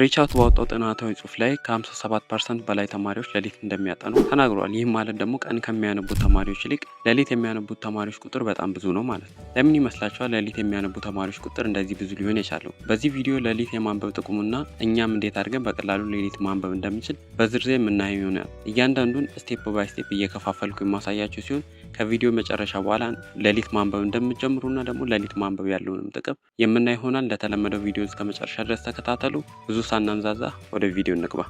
ሪቻርት ባወጣው ጥናታዊ ጽሁፍ ላይ ከ57 ፐርሰንት በላይ ተማሪዎች ሌሊት እንደሚያጠኑ ተናግሯል። ይህም ማለት ደግሞ ቀን ከሚያነቡ ተማሪዎች ይልቅ ሌሊት የሚያነቡ ተማሪዎች ቁጥር በጣም ብዙ ነው ማለት ነው። ለምን ይመስላችኋል ሌሊት የሚያነቡ ተማሪዎች ቁጥር እንደዚህ ብዙ ሊሆን የቻለው? በዚህ ቪዲዮ ሌሊት የማንበብ ጥቅሙና እኛም እንዴት አድርገን በቀላሉ ሌሊት ማንበብ እንደምንችል በዝርዝር የምናየው ይሆናል። እያንዳንዱን ስቴፕ ባይ ስቴፕ እየከፋፈልኩ የማሳያቸው ሲሆን ከቪዲዮ መጨረሻ በኋላ ሌሊት ማንበብ እንደምትጀምሩ እና ደግሞ ሌሊት ማንበብ ያለውንም ጥቅም የምናይ ይሆናል። እንደተለመደው ቪዲዮ እስከ መጨረሻ ድረስ ተከታተሉ። ብዙ ሳናንዛዛ ወደ ቪዲዮ እንግባ።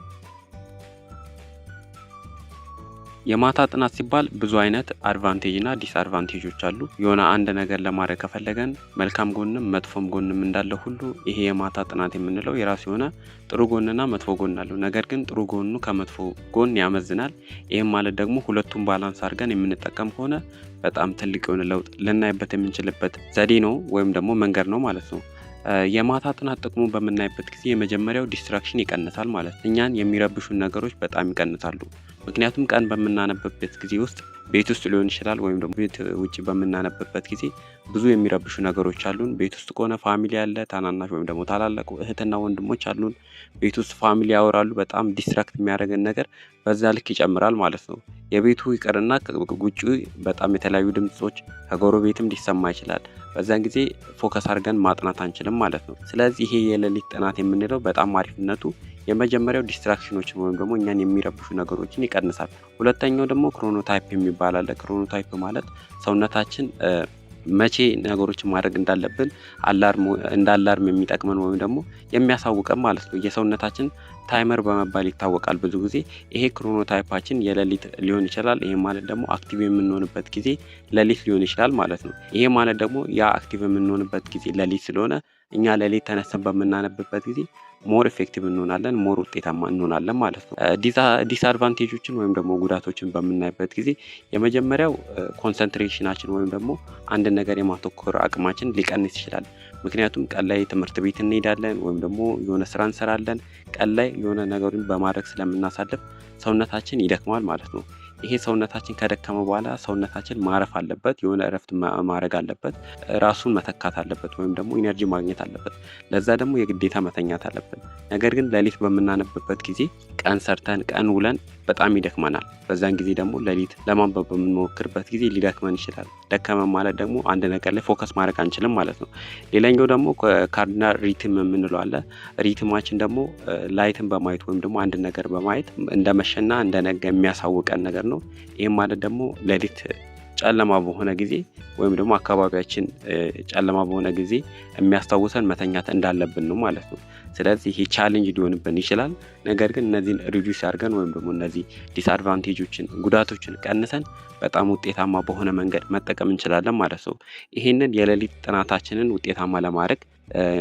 የማታ ጥናት ሲባል ብዙ አይነት አድቫንቴጅ እና ዲስአድቫንቴጆች አሉ። የሆነ አንድ ነገር ለማድረግ ከፈለገን መልካም ጎንም መጥፎም ጎንም እንዳለ ሁሉ ይሄ የማታ ጥናት የምንለው የራሱ የሆነ ጥሩ ጎንና መጥፎ ጎን አለው። ነገር ግን ጥሩ ጎኑ ከመጥፎ ጎን ያመዝናል። ይህም ማለት ደግሞ ሁለቱም ባላንስ አድርገን የምንጠቀም ከሆነ በጣም ትልቅ የሆነ ለውጥ ልናይበት የምንችልበት ዘዴ ነው ወይም ደግሞ መንገድ ነው ማለት ነው። የማታ ጥናት ጥቅሙ በምናይበት ጊዜ የመጀመሪያው ዲስትራክሽን ይቀንሳል ማለት እኛን የሚረብሹን ነገሮች በጣም ይቀንሳሉ። ምክንያቱም ቀን በምናነብበት ጊዜ ውስጥ ቤት ውስጥ ሊሆን ይችላል ወይም ደግሞ ቤት ውጭ በምናነብበት ጊዜ ብዙ የሚረብሹ ነገሮች አሉን። ቤት ውስጥ ከሆነ ፋሚሊ አለ፣ ታናናሽ ወይም ደግሞ ታላላቁ እህትና ወንድሞች አሉን። ቤት ውስጥ ፋሚሊ ያወራሉ። በጣም ዲስትራክት የሚያደርገን ነገር በዛ ልክ ይጨምራል ማለት ነው። የቤቱ ይቅርና ውጭ በጣም የተለያዩ ድምፆች ከጎረቤትም ሊሰማ ይችላል። በዛን ጊዜ ፎከስ አድርገን ማጥናት አንችልም ማለት ነው። ስለዚህ ይሄ የሌሊት ጥናት የምንለው በጣም አሪፍነቱ የመጀመሪያው ዲስትራክሽኖችን ወይም ደግሞ እኛን የሚረብሹ ነገሮችን ይቀንሳል። ሁለተኛው ደግሞ ክሮኖታይፕ የሚባል አለ። ክሮኖታይፕ ማለት ሰውነታችን መቼ ነገሮችን ማድረግ እንዳለብን እንዳላርም የሚጠቅመን ወይም ደግሞ የሚያሳውቀን ማለት ነው። የሰውነታችን ታይመር በመባል ይታወቃል። ብዙ ጊዜ ይሄ ክሮኖታይፓችን የሌሊት ሊሆን ይችላል። ይሄ ማለት ደግሞ አክቲቭ የምንሆንበት ጊዜ ሌሊት ሊሆን ይችላል ማለት ነው። ይሄ ማለት ደግሞ ያ አክቲቭ የምንሆንበት ጊዜ ሌሊት ስለሆነ እኛ ሌሊት ተነስተን በምናነብበት ጊዜ ሞር ኢፌክቲቭ እንሆናለን፣ ሞር ውጤታማ እንሆናለን ማለት ነው። ዲስአድቫንቴጆችን ወይም ደግሞ ጉዳቶችን በምናይበት ጊዜ የመጀመሪያው ኮንሰንትሬሽናችን ወይም ደግሞ አንድ ነገር የማተኮር አቅማችን ሊቀንስ ይችላል። ምክንያቱም ቀን ላይ ትምህርት ቤት እንሄዳለን ወይም ደግሞ የሆነ ስራ እንሰራለን። ቀን ላይ የሆነ ነገሩን በማድረግ ስለምናሳልፍ ሰውነታችን ይደክማል ማለት ነው። ይሄ ሰውነታችን ከደከመ በኋላ ሰውነታችን ማረፍ አለበት፣ የሆነ እረፍት ማድረግ አለበት፣ ራሱን መተካት አለበት፣ ወይም ደግሞ ኢነርጂ ማግኘት አለበት። ለዛ ደግሞ የግዴታ መተኛት አለብን። ነገር ግን ሌሊት በምናነብበት ጊዜ ቀን ሰርተን ቀን ውለን በጣም ይደክመናል። በዛን ጊዜ ደግሞ ሌሊት ለማንበብ በምንሞክርበት ጊዜ ሊደክመን ይችላል። ደከመ ማለት ደግሞ አንድ ነገር ላይ ፎከስ ማድረግ አንችልም ማለት ነው። ሌላኛው ደግሞ ካርዲናል ሪትም የምንለው አለ። ሪትማችን ደግሞ ላይትን በማየት ወይም ደግሞ አንድ ነገር በማየት እንደመሸና እንደነገ የሚያሳውቀን ነገር ነው። ይህም ማለት ደግሞ ሌሊት ጨለማ በሆነ ጊዜ ወይም ደግሞ አካባቢያችን ጨለማ በሆነ ጊዜ የሚያስታውሰን መተኛት እንዳለብን ነው ማለት ነው። ስለዚህ ይህ ቻሌንጅ ሊሆንብን ይችላል። ነገር ግን እነዚህን ሪዱስ አድርገን ወይም ደግሞ እነዚህ ዲስአድቫንቴጆችን፣ ጉዳቶችን ቀንሰን በጣም ውጤታማ በሆነ መንገድ መጠቀም እንችላለን ማለት ነው። ይህንን የሌሊት ጥናታችንን ውጤታማ ለማድረግ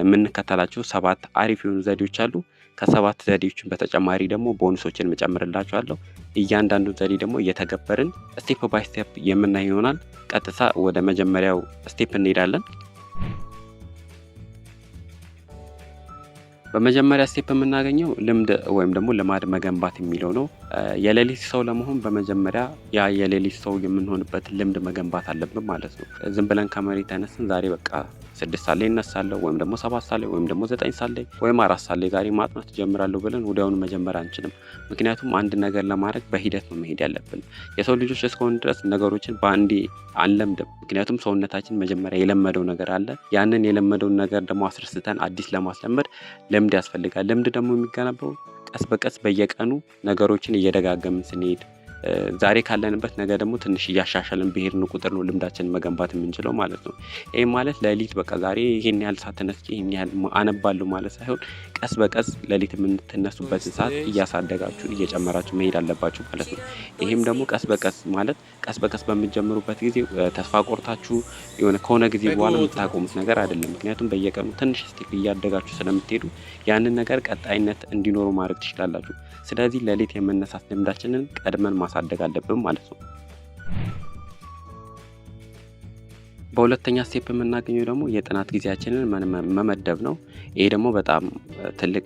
የምንከተላቸው ሰባት አሪፍ የሆኑ ዘዴዎች አሉ። ከሰባት ዘዴዎችን በተጨማሪ ደግሞ ቦኑሶችን መጨምርላችኋለሁ። እያንዳንዱ ዘዴ ደግሞ እየተገበርን ስቴፕ ባይ ስቴፕ የምናይ ይሆናል። ቀጥታ ወደ መጀመሪያው ስቴፕ እንሄዳለን። በመጀመሪያ ስቴፕ የምናገኘው ልምድ ወይም ደግሞ ልማድ መገንባት የሚለው ነው። የሌሊት ሰው ለመሆን በመጀመሪያ ያ የሌሊት ሰው የምንሆንበት ልምድ መገንባት አለብን ማለት ነው። ዝም ብለን ከመሬት ተነስን ዛሬ በቃ ስድስት ሳት ላይ እነሳለሁ ወይም ደግሞ ሰባት ሳት ላይ ወይም ደግሞ ዘጠኝ ሳት ላይ ወይም አራት ሳት ላይ ዛሬ ማጥናት ጀምራለሁ ብለን ወዲያውኑ መጀመር አንችልም። ምክንያቱም አንድ ነገር ለማድረግ በሂደት ነው መሄድ ያለብን። የሰው ልጆች እስከሆን ድረስ ነገሮችን በአንዴ አንለምድም። ምክንያቱም ሰውነታችን መጀመሪያ የለመደው ነገር አለ። ያንን የለመደውን ነገር ደግሞ አስረስተን አዲስ ለማስለመድ ልምድ ያስፈልጋል። ልምድ ደግሞ የሚገነባው ቀስ በቀስ በየቀኑ ነገሮችን እየደጋገምን ስንሄድ ዛሬ ካለንበት ነገ ደግሞ ትንሽ እያሻሻልን ብሄድን ቁጥር ነው ልምዳችንን መገንባት የምንችለው ማለት ነው። ይህም ማለት ለሊት በቃ ዛሬ ይሄን ያህል ሰዓት ተነስቼ ይህን ያህል አነባለሁ ማለት ሳይሆን ቀስ በቀስ ለሊት የምትነሱበትን ሰዓት እያሳደጋችሁ እየጨመራችሁ መሄድ አለባችሁ ማለት ነው። ይሄም ደግሞ ቀስ በቀስ ማለት ቀስ በቀስ በምትጀምሩበት ጊዜ ተስፋ ቆርታችሁ የሆነ ከሆነ ጊዜ በኋላ የምታቆሙት ነገር አይደለም። ምክንያቱም በየቀኑ ትንሽ ስቴፕ እያደጋችሁ ስለምትሄዱ ያንን ነገር ቀጣይነት እንዲኖሩ ማድረግ ትችላላችሁ። ስለዚህ ለሊት የመነሳት ልምዳችንን ቀድመን ማሳ ማሳደግ አለብን ማለት ነው። በሁለተኛ ስቴፕ የምናገኘው ደግሞ የጥናት ጊዜያችንን መመደብ ነው። ይሄ ደግሞ በጣም ትልቅ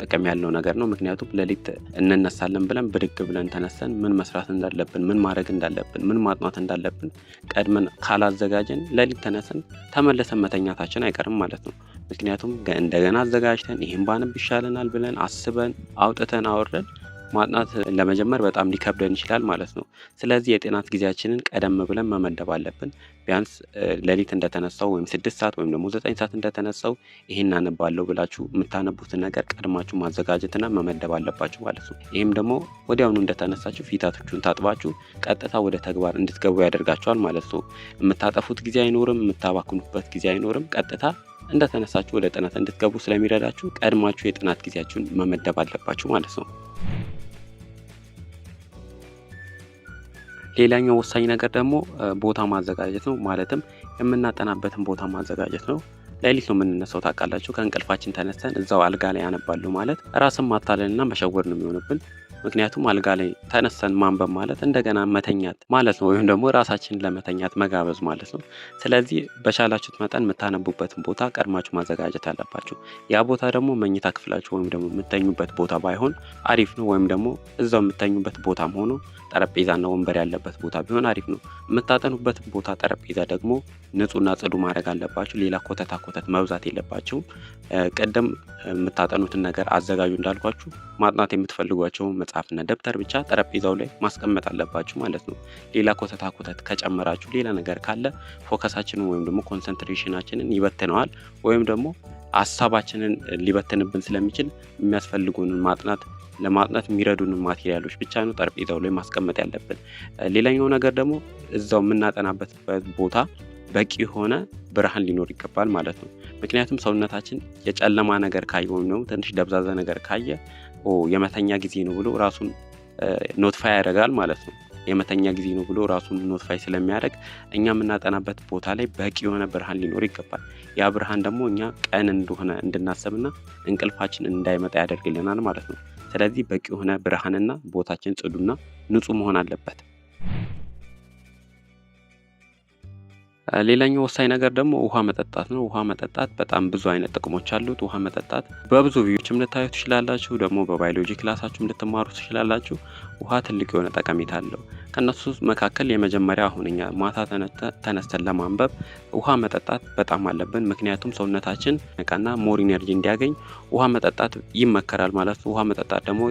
ጥቅም ያለው ነገር ነው። ምክንያቱም ሌሊት እንነሳለን ብለን ብድግ ብለን ተነስተን ምን መስራት እንዳለብን፣ ምን ማድረግ እንዳለብን፣ ምን ማጥናት እንዳለብን ቀድመን ካላዘጋጀን ሌሊት ተነስን ተመለሰን መተኛታችን አይቀርም ማለት ነው። ምክንያቱም እንደገና አዘጋጅተን ይህን ባንብ ይሻለናል ብለን አስበን አውጥተን አወረን ማጥናት ለመጀመር በጣም ሊከብደን ይችላል ማለት ነው። ስለዚህ የጥናት ጊዜያችንን ቀደም ብለን መመደብ አለብን። ቢያንስ ሌሊት እንደተነሳው ወይም ስድስት ሰዓት ወይም ደግሞ ዘጠኝ ሰዓት እንደተነሳው ይህን አነባለሁ ብላችሁ የምታነቡትን ነገር ቀድማችሁ ማዘጋጀትና መመደብ አለባችሁ ማለት ነው። ይህም ደግሞ ወዲያውኑ እንደተነሳችሁ ፊታቶቹን ታጥባችሁ ቀጥታ ወደ ተግባር እንድትገቡ ያደርጋችኋል ማለት ነው። የምታጠፉት ጊዜ አይኖርም፣ የምታባክኑበት ጊዜ አይኖርም። ቀጥታ እንደተነሳችሁ ወደ ጥናት እንድትገቡ ስለሚረዳችሁ ቀድማችሁ የጥናት ጊዜያችሁን መመደብ አለባችሁ ማለት ነው። ሌላኛው ወሳኝ ነገር ደግሞ ቦታ ማዘጋጀት ነው። ማለትም የምናጠናበትን ቦታ ማዘጋጀት ነው። ሌሊት ነው የምንነሳው ታውቃላችሁ። ከእንቅልፋችን ተነስተን እዛው አልጋ ላይ ያነባሉ ማለት ራስን ማታለልና መሸወር ነው የሚሆንብን። ምክንያቱም አልጋ ላይ ተነስተን ማንበብ ማለት እንደገና መተኛት ማለት ነው፣ ወይም ደግሞ ራሳችንን ለመተኛት መጋበዝ ማለት ነው። ስለዚህ በቻላችሁት መጠን የምታነቡበትን ቦታ ቀድማችሁ ማዘጋጀት አለባችሁ። ያ ቦታ ደግሞ መኝታ ክፍላችሁ ወይም ደግሞ የምተኙበት ቦታ ባይሆን አሪፍ ነው፣ ወይም ደግሞ እዛው የምተኙበት ቦታ መሆኑ ጠረጴዛና ወንበር ያለበት ቦታ ቢሆን አሪፍ ነው። የምታጠኑበት ቦታ ጠረጴዛ ደግሞ ንጹህና ጽዱ ማድረግ አለባቸው። ሌላ ኮተታ ኮተት መብዛት የለባቸው ቀደም የምታጠኑትን ነገር አዘጋጁ እንዳልኳችሁ ማጥናት የምትፈልጓቸው መጽሐፍና ደብተር ብቻ ጠረጴዛው ላይ ማስቀመጥ አለባችሁ ማለት ነው። ሌላ ኮተታ ኮተት ከጨመራችሁ ሌላ ነገር ካለ ፎከሳችንን ወይም ደግሞ ኮንሰንትሬሽናችንን ይበትነዋል ወይም ደግሞ ሀሳባችንን ሊበትንብን ስለሚችል የሚያስፈልጉንን ማጥናት ለማጥናት የሚረዱን ማቴሪያሎች ብቻ ነው ጠረጴዛው ላይ ማስቀመጥ ያለብን። ሌላኛው ነገር ደግሞ እዛው የምናጠናበት ቦታ በቂ የሆነ ብርሃን ሊኖር ይገባል ማለት ነው። ምክንያቱም ሰውነታችን የጨለማ ነገር ካየ ወይም ደግሞ ትንሽ ደብዛዛ ነገር ካየ የመተኛ ጊዜ ነው ብሎ ራሱን ኖትፋይ ያደርጋል ማለት ነው። የመተኛ ጊዜ ነው ብሎ ራሱን ኖትፋይ ስለሚያደርግ እኛ የምናጠናበት ቦታ ላይ በቂ የሆነ ብርሃን ሊኖር ይገባል። ያ ብርሃን ደግሞ እኛ ቀን እንደሆነ እንድናስብና እንቅልፋችን እንዳይመጣ ያደርግልናል ማለት ነው። ስለዚህ በቂ የሆነ ብርሃንና ቦታችን ጽዱና ንጹህ መሆን አለበት። ሌላኛው ወሳኝ ነገር ደግሞ ውሃ መጠጣት ነው። ውሃ መጠጣት በጣም ብዙ አይነት ጥቅሞች አሉት። ውሃ መጠጣት በብዙ ቪዲዮችም ልታዩ ትችላላችሁ፣ ደግሞ በባዮሎጂ ክላሳችሁም ልትማሩ ትችላላችሁ። ውሃ ትልቅ የሆነ ጠቀሜታ አለው። ከእነሱ መካከል የመጀመሪያ አሁን እኛ ማታ ተነስተን ለማንበብ ውሃ መጠጣት በጣም አለብን። ምክንያቱም ሰውነታችን ነቃና ሞር ኢነርጂ እንዲያገኝ ውሃ መጠጣት ይመከራል ማለት ነው። ውሃ መጠጣት ደግሞ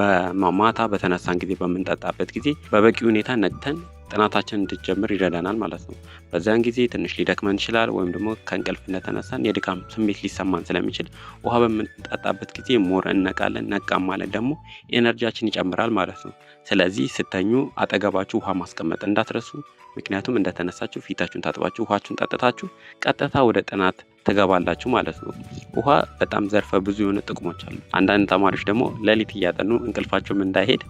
በማታ በተነሳን ጊዜ በምንጠጣበት ጊዜ በበቂ ሁኔታ ነቅተን ጥናታችን እንድጀምር ይረዳናል ማለት ነው። በዚያን ጊዜ ትንሽ ሊደክመን ይችላል፣ ወይም ደግሞ ከእንቅልፍ እንደተነሳን የድካም ስሜት ሊሰማን ስለሚችል ውሃ በምንጠጣበት ጊዜ ሞር እነቃለን። ነቃም ማለት ደግሞ ኤነርጂያችን ይጨምራል ማለት ነው። ስለዚህ ስተኙ አጠገባችሁ ውሃ ማስቀመጥ እንዳትረሱ። ምክንያቱም እንደተነሳችሁ ፊታችሁን ታጥባችሁ ውሃችሁን ጠጥታችሁ ቀጥታ ወደ ጥናት ትገባላችሁ ማለት ነው። ውሃ በጣም ዘርፈ ብዙ የሆነ ጥቅሞች አሉ። አንዳንድ ተማሪዎች ደግሞ ሌሊት እያጠኑ እንቅልፋቸውም እንዳይሄድ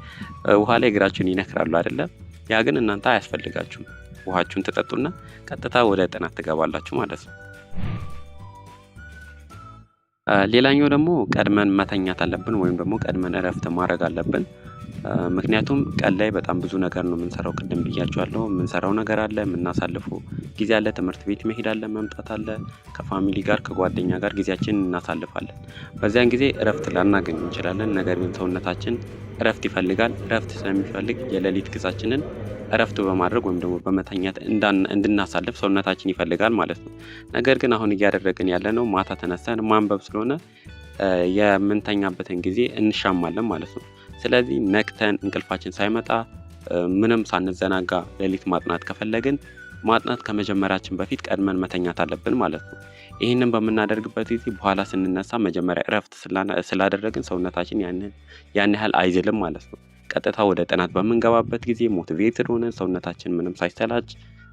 ውሃ ላይ እግራቸውን ይነክራሉ አይደለም። ያ ግን እናንተ አያስፈልጋችሁም። ውሃችሁን ትጠጡና ቀጥታ ወደ ጥናት ትገባላችሁ ማለት ነው። ሌላኛው ደግሞ ቀድመን መተኛት አለብን ወይም ደግሞ ቀድመን እረፍት ማድረግ አለብን። ምክንያቱም ቀን ላይ በጣም ብዙ ነገር ነው የምንሰራው። ቅድም ብያቸዋለሁ። የምንሰራው ነገር አለ፣ የምናሳልፈው ጊዜ አለ፣ ትምህርት ቤት መሄድ አለ፣ መምጣት አለ፣ ከፋሚሊ ጋር ከጓደኛ ጋር ጊዜያችን እናሳልፋለን። በዚያን ጊዜ እረፍት ላናገኝ እንችላለን። ነገር ግን ሰውነታችን እረፍት ይፈልጋል። እረፍት ስለሚፈልግ የሌሊት ግዛችንን እረፍት በማድረግ ወይም ደግሞ በመተኛት እንድናሳልፍ ሰውነታችን ይፈልጋል ማለት ነው። ነገር ግን አሁን እያደረግን ያለ ነው ማታ ተነሳን ማንበብ ስለሆነ የምንተኛበትን ጊዜ እንሻማለን ማለት ነው። ስለዚህ ነቅተን እንቅልፋችን ሳይመጣ ምንም ሳንዘናጋ ሌሊት ማጥናት ከፈለግን ማጥናት ከመጀመራችን በፊት ቀድመን መተኛት አለብን ማለት ነው። ይህንን በምናደርግበት ጊዜ በኋላ ስንነሳ መጀመሪያ እረፍት ስላደረግን ሰውነታችን ያን ያህል አይዝልም ማለት ነው። ቀጥታ ወደ ጥናት በምንገባበት ጊዜ ሞቲቬትድ ሆነን ሰውነታችን ምንም ሳይሰላጭ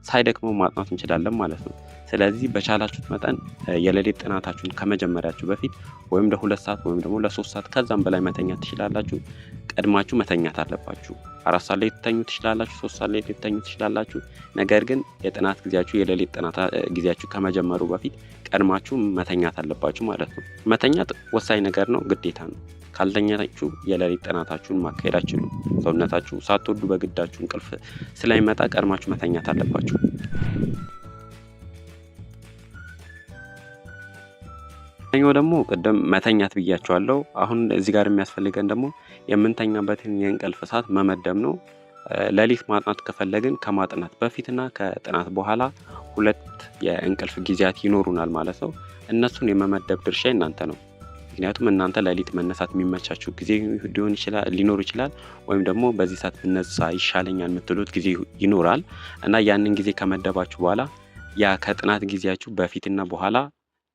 ሳይደክመው ማጥናት እንችላለን ማለት ነው። ስለዚህ በቻላችሁት መጠን የሌሊት ጥናታችሁን ከመጀመሪያችሁ በፊት ወይም ለሁለት ሰዓት ወይም ደግሞ ለሶስት ሰዓት ከዛም በላይ መተኛት ትችላላችሁ። ቀድማችሁ መተኛት አለባችሁ። አራት ሰዓት ላይ ልትተኙ ትችላላችሁ። ሶስት ሰዓት ላይ ልትተኙ ትችላላችሁ። ነገር ግን የጥናት ጊዜያችሁ የሌሊት ጥናት ጊዜያችሁ ከመጀመሩ በፊት ቀድማችሁ መተኛት አለባችሁ ማለት ነው። መተኛት ወሳኝ ነገር ነው፣ ግዴታ ነው። ካልተኛችሁ የሌሊት ጥናታችሁን ማካሄዳችሁ ሰውነታችሁ ሳትወዱ በግዳችሁ እንቅልፍ ስለሚመጣ ቀድማችሁ መተኛት አለባችሁ። ኛው ደግሞ ቅድም መተኛት ብያቸዋለው አሁን እዚህ ጋር የሚያስፈልገን ደግሞ የምንተኛበትን የእንቅልፍ ሰዓት መመደብ ነው። ለሊት ማጥናት ከፈለግን ከማጥናት በፊትና ከጥናት በኋላ ሁለት የእንቅልፍ ጊዜያት ይኖሩናል ማለት ነው። እነሱን የመመደብ ድርሻ እናንተ ነው። ምክንያቱም እናንተ ለሊት መነሳት የሚመቻችሁ ጊዜ ሊሆን ይችላል ሊኖር ይችላል ወይም ደግሞ በዚህ ሰዓት ብነሳ ይሻለኛል የምትሉት ጊዜ ይኖራል እና ያንን ጊዜ ከመደባችሁ በኋላ ያ ከጥናት ጊዜያችሁ በፊትና በኋላ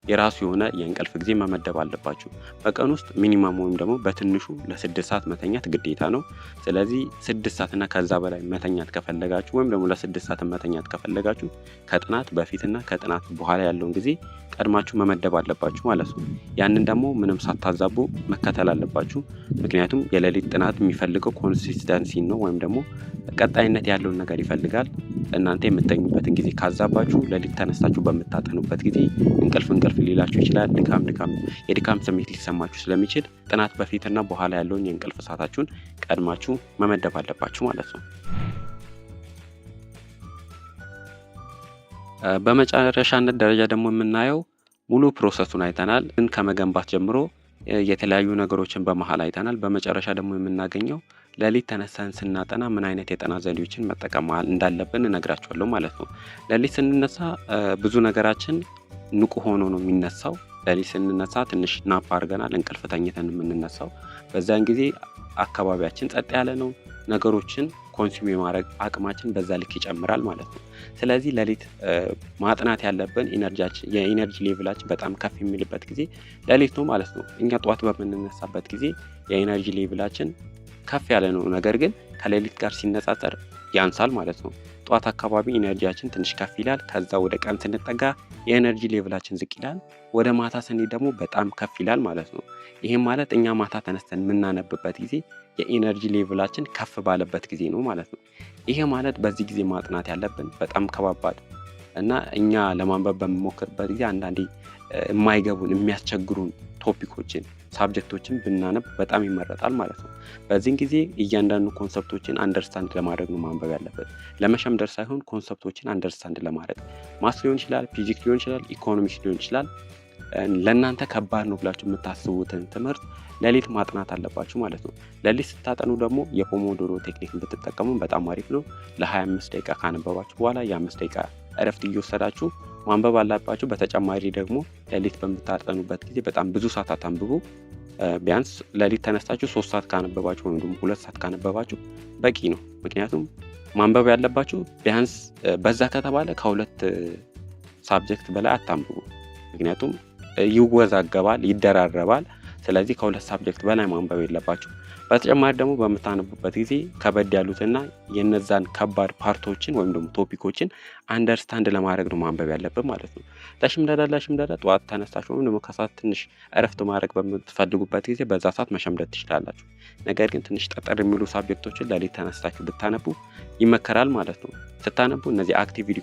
የራሱ የሆነ የእንቅልፍ ጊዜ መመደብ አለባችሁ። በቀን ውስጥ ሚኒመም ወይም ደግሞ በትንሹ ለስድስት ሰዓት መተኛት ግዴታ ነው። ስለዚህ ስድስት ሰዓትና ከዛ በላይ መተኛት ከፈለጋችሁ ወይም ደግሞ ለስድስት ሰዓት መተኛት ከፈለጋችሁ ከጥናት በፊትና ከጥናት በኋላ ያለውን ጊዜ ቀድማችሁ መመደብ አለባችሁ ማለት ነው። ያንን ደግሞ ምንም ሳታዛቡ መከተል አለባችሁ። ምክንያቱም የሌሊት ጥናት የሚፈልገው ኮንሲስተንሲ ነው ወይም ደግሞ ቀጣይነት ያለውን ነገር ይፈልጋል። እናንተ የምተኙበትን ጊዜ ካዛባችሁ ሌሊት ተነስታችሁ በምታጠኑበት ጊዜ እንቅልፍ እንቅልፍ ዘርፍ ሊላችሁ ይችላል። ድካም ድካም የድካም ስሜት ሊሰማችሁ ስለሚችል ጥናት በፊትና በኋላ ያለውን የእንቅልፍ ሰዓታችሁን ቀድማችሁ መመደብ አለባችሁ ማለት ነው። በመጨረሻነት ደረጃ ደግሞ የምናየው ሙሉ ፕሮሰሱን አይተናል። ግን ከመገንባት ጀምሮ የተለያዩ ነገሮችን በመሀል አይተናል። በመጨረሻ ደግሞ የምናገኘው ሌሊት ተነሳን ስናጠና ምን አይነት የጠና ዘዴዎችን መጠቀም እንዳለብን እነግራችኋለሁ ማለት ነው። ሌሊት ስንነሳ ብዙ ነገራችን ንቁ ሆኖ ነው የሚነሳው። ለሊት ስንነሳ ትንሽ ናፕ አድርገናል፣ እንቅልፍ ተኝተን የምንነሳው በዛን ጊዜ አካባቢያችን ጸጥ ያለ ነው። ነገሮችን ኮንሱም የማድረግ አቅማችን በዛ ልክ ይጨምራል ማለት ነው። ስለዚህ ለሊት ማጥናት ያለብን የኢነርጂ ሌቭላችን በጣም ከፍ የሚልበት ጊዜ ለሊት ነው ማለት ነው። እኛ ጠዋት በምንነሳበት ጊዜ የኢነርጂ ሌቭላችን ከፍ ያለ ነው፣ ነገር ግን ከሌሊት ጋር ሲነጻጸር ያንሳል ማለት ነው። ጠዋት አካባቢ ኢነርጂያችን ትንሽ ከፍ ይላል። ከዛ ወደ ቀን ስንጠጋ የኤነርጂ ሌቭላችን ዝቅ ይላል። ወደ ማታ ስንሄድ ደግሞ በጣም ከፍ ይላል ማለት ነው። ይህም ማለት እኛ ማታ ተነስተን የምናነብበት ጊዜ የኤነርጂ ሌቭላችን ከፍ ባለበት ጊዜ ነው ማለት ነው። ይሄ ማለት በዚህ ጊዜ ማጥናት ያለብን በጣም ከባባድ እና እኛ ለማንበብ በምሞክርበት ጊዜ አንዳንዴ የማይገቡን የሚያስቸግሩን ቶፒኮችን ሳብጀክቶችን ብናነብ በጣም ይመረጣል ማለት ነው። በዚህን ጊዜ እያንዳንዱ ኮንሰፕቶችን አንደርስታንድ ለማድረግ ነው ማንበብ ያለበት፣ ለመሸምደር ሳይሆን ኮንሰፕቶችን አንደርስታንድ ለማድረግ። ማስ ሊሆን ይችላል፣ ፊዚክስ ሊሆን ይችላል፣ ኢኮኖሚክስ ሊሆን ይችላል። ለእናንተ ከባድ ነው ብላችሁ የምታስቡትን ትምህርት ሌሊት ማጥናት አለባችሁ ማለት ነው። ሌሊት ስታጠኑ ደግሞ የፖሞዶሮ ቴክኒክ ብትጠቀሙ በጣም አሪፍ ነው። ለ25 ደቂቃ ካነበባችሁ በኋላ የ5 ደቂቃ እረፍት እየወሰዳችሁ ማንበብ አላባቸው። በተጨማሪ ደግሞ ሌሊት በምታጠኑበት ጊዜ በጣም ብዙ ሰዓት አታንብቡ። ቢያንስ ሌሊት ተነስታችሁ ሶስት ሰዓት ካነበባችሁ ወይም ደግሞ ሁለት ሰዓት ካነበባችሁ በቂ ነው። ምክንያቱም ማንበብ ያለባችሁ ቢያንስ በዛ ከተባለ ከሁለት ሳብጀክት በላይ አታንብቡ። ምክንያቱም ይወዛገባል፣ ይደራረባል። ስለዚህ ከሁለት ሳብጀክት በላይ ማንበብ የለባችሁ። በተጨማሪ ደግሞ በምታነቡበት ጊዜ ከበድ ያሉትና የነዛን ከባድ ፓርቶችን ወይም ደግሞ ቶፒኮችን አንደርስታንድ ለማድረግ ነው ማንበብ ያለብን ማለት ነው። ለሽምደዳ ለሽምደዳ ጠዋት ተነስታችሁ ወይም ደግሞ ከሰዓት ትንሽ እረፍት ማድረግ በምትፈልጉበት ጊዜ በዛ ሰዓት መሸምደድ ትችላላችሁ። ነገር ግን ትንሽ ጠጠር የሚሉ ሳብጀክቶችን ለሌት ተነስታችሁ ብታነቡ ይመከራል ማለት ነው። ስታነቡ እነዚህ አክቲቪቲ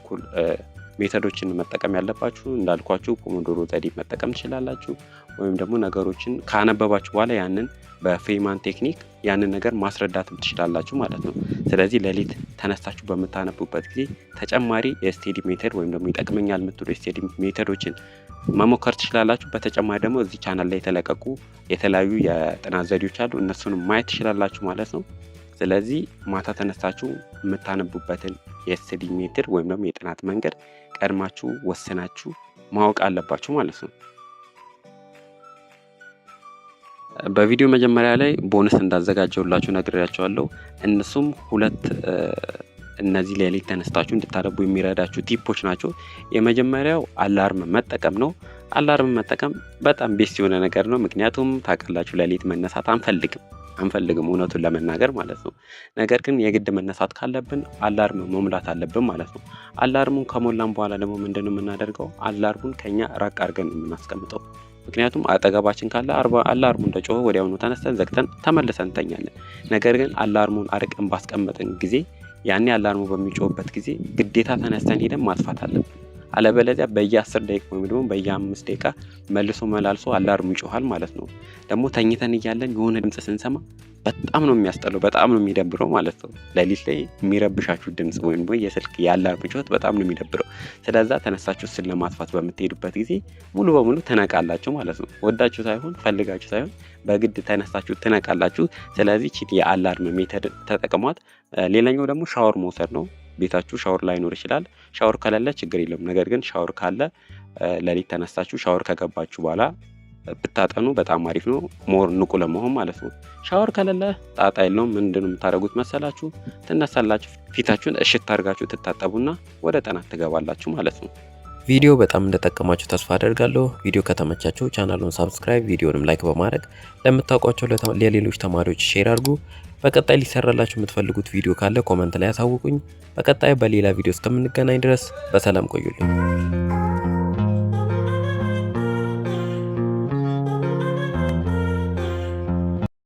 ሜተዶችን መጠቀም ያለባችሁ እንዳልኳችሁ ፖሞዶሮ ዘዴ መጠቀም ትችላላችሁ። ወይም ደግሞ ነገሮችን ካነበባችሁ በኋላ ያንን በፌማን ቴክኒክ ያንን ነገር ማስረዳት ትችላላችሁ ማለት ነው። ስለዚህ ሌሊት ተነስታችሁ በምታነቡበት ጊዜ ተጨማሪ የስቴዲ ሜተድ ወይም ደግሞ ይጠቅመኛል የምትሉ የስቴዲ ሜተዶችን መሞከር ትችላላችሁ። በተጨማሪ ደግሞ እዚህ ቻናል ላይ የተለቀቁ የተለያዩ የጥናት ዘዴዎች አሉ። እነሱንም ማየት ትችላላችሁ ማለት ነው። ስለዚህ ማታ ተነስታችሁ የምታነቡበትን የስዲ ሜትር ወይም ደግሞ የጥናት መንገድ ቀድማችሁ ወስናችሁ ማወቅ አለባችሁ ማለት ነው። በቪዲዮ መጀመሪያ ላይ ቦነስ እንዳዘጋጀውላችሁ ነግሬያቸዋለሁ። እነሱም ሁለት እነዚህ ሌሊት ተነስታችሁ እንድታነቡ የሚረዳችሁ ቲፖች ናቸው። የመጀመሪያው አላርም መጠቀም ነው። አላርም መጠቀም በጣም ቤስ የሆነ ነገር ነው። ምክንያቱም ታውቃላችሁ ሌሊት መነሳት አንፈልግም። አንፈልግም እውነቱን ለመናገር ማለት ነው። ነገር ግን የግድ መነሳት ካለብን አላርም መሙላት አለብን ማለት ነው። አላርሙን ከሞላን በኋላ ደግሞ ምንድን የምናደርገው አላርሙን ከኛ ራቅ አድርገን የምናስቀምጠው ምክንያቱም አጠገባችን ካለ አላርሙ እንደጮኸ ወዲያውኑ ተነስተን ዘግተን ተመልሰን እንተኛለን። ነገር ግን አላርሙን አርቀን ባስቀመጥን ጊዜ ያኔ አላርሙ በሚጮህበት ጊዜ ግዴታ ተነስተን ሄደን ማጥፋት አለብን። አለበለዚያ በየአስር ደቂቃ ወይም ደግሞ በየአምስት ደቂቃ መልሶ መላልሶ አላርሙ ይጮኋል ማለት ነው። ደግሞ ተኝተን እያለን የሆነ ድምፅ ስንሰማ በጣም ነው የሚያስጠላው፣ በጣም ነው የሚደብረው ማለት ነው። ሌሊት ላይ የሚረብሻችሁ ድምፅ ወይም ደግሞ የስልክ የአላርም ጩኸት በጣም ነው የሚደብረው። ስለዛ ተነሳችሁ ስል ለማጥፋት በምትሄዱበት ጊዜ ሙሉ በሙሉ ትነቃላችሁ ማለት ነው። ወዳችሁ ሳይሆን ፈልጋችሁ ሳይሆን በግድ ተነሳችሁ ትነቃላችሁ። ስለዚህ የአላርም ሜተድ ተጠቅሟት። ሌላኛው ደግሞ ሻወር መውሰድ ነው። ቤታችሁ ሻወር ላይኖር ይችላል። ሻወር ከሌለ ችግር የለም። ነገር ግን ሻወር ካለ ለሊት ተነሳችሁ ሻወር ከገባችሁ በኋላ ብታጠኑ በጣም አሪፍ ነው። ሞር ንቁ ለመሆን ማለት ነው። ሻወር ከሌለ ጣጣ የለውም። ምንድን ነው የምታደርጉት መሰላችሁ? ትነሳላችሁ፣ ፊታችሁን እሽት አድርጋችሁ ትታጠቡና ወደ ጥናት ትገባላችሁ ማለት ነው። ቪዲዮ በጣም እንደጠቀማችሁ ተስፋ አደርጋለሁ። ቪዲዮ ከተመቻችሁ ቻናሉን ሳብስክራይብ፣ ቪዲዮንም ላይክ በማድረግ ለምታውቋቸው ለሌሎች ተማሪዎች ሼር አድርጉ። በቀጣይ ሊሰራላችሁ የምትፈልጉት ቪዲዮ ካለ ኮመንት ላይ ያሳውቁኝ። በቀጣይ በሌላ ቪዲዮ እስከምንገናኝ ድረስ በሰላም ቆዩልኝ።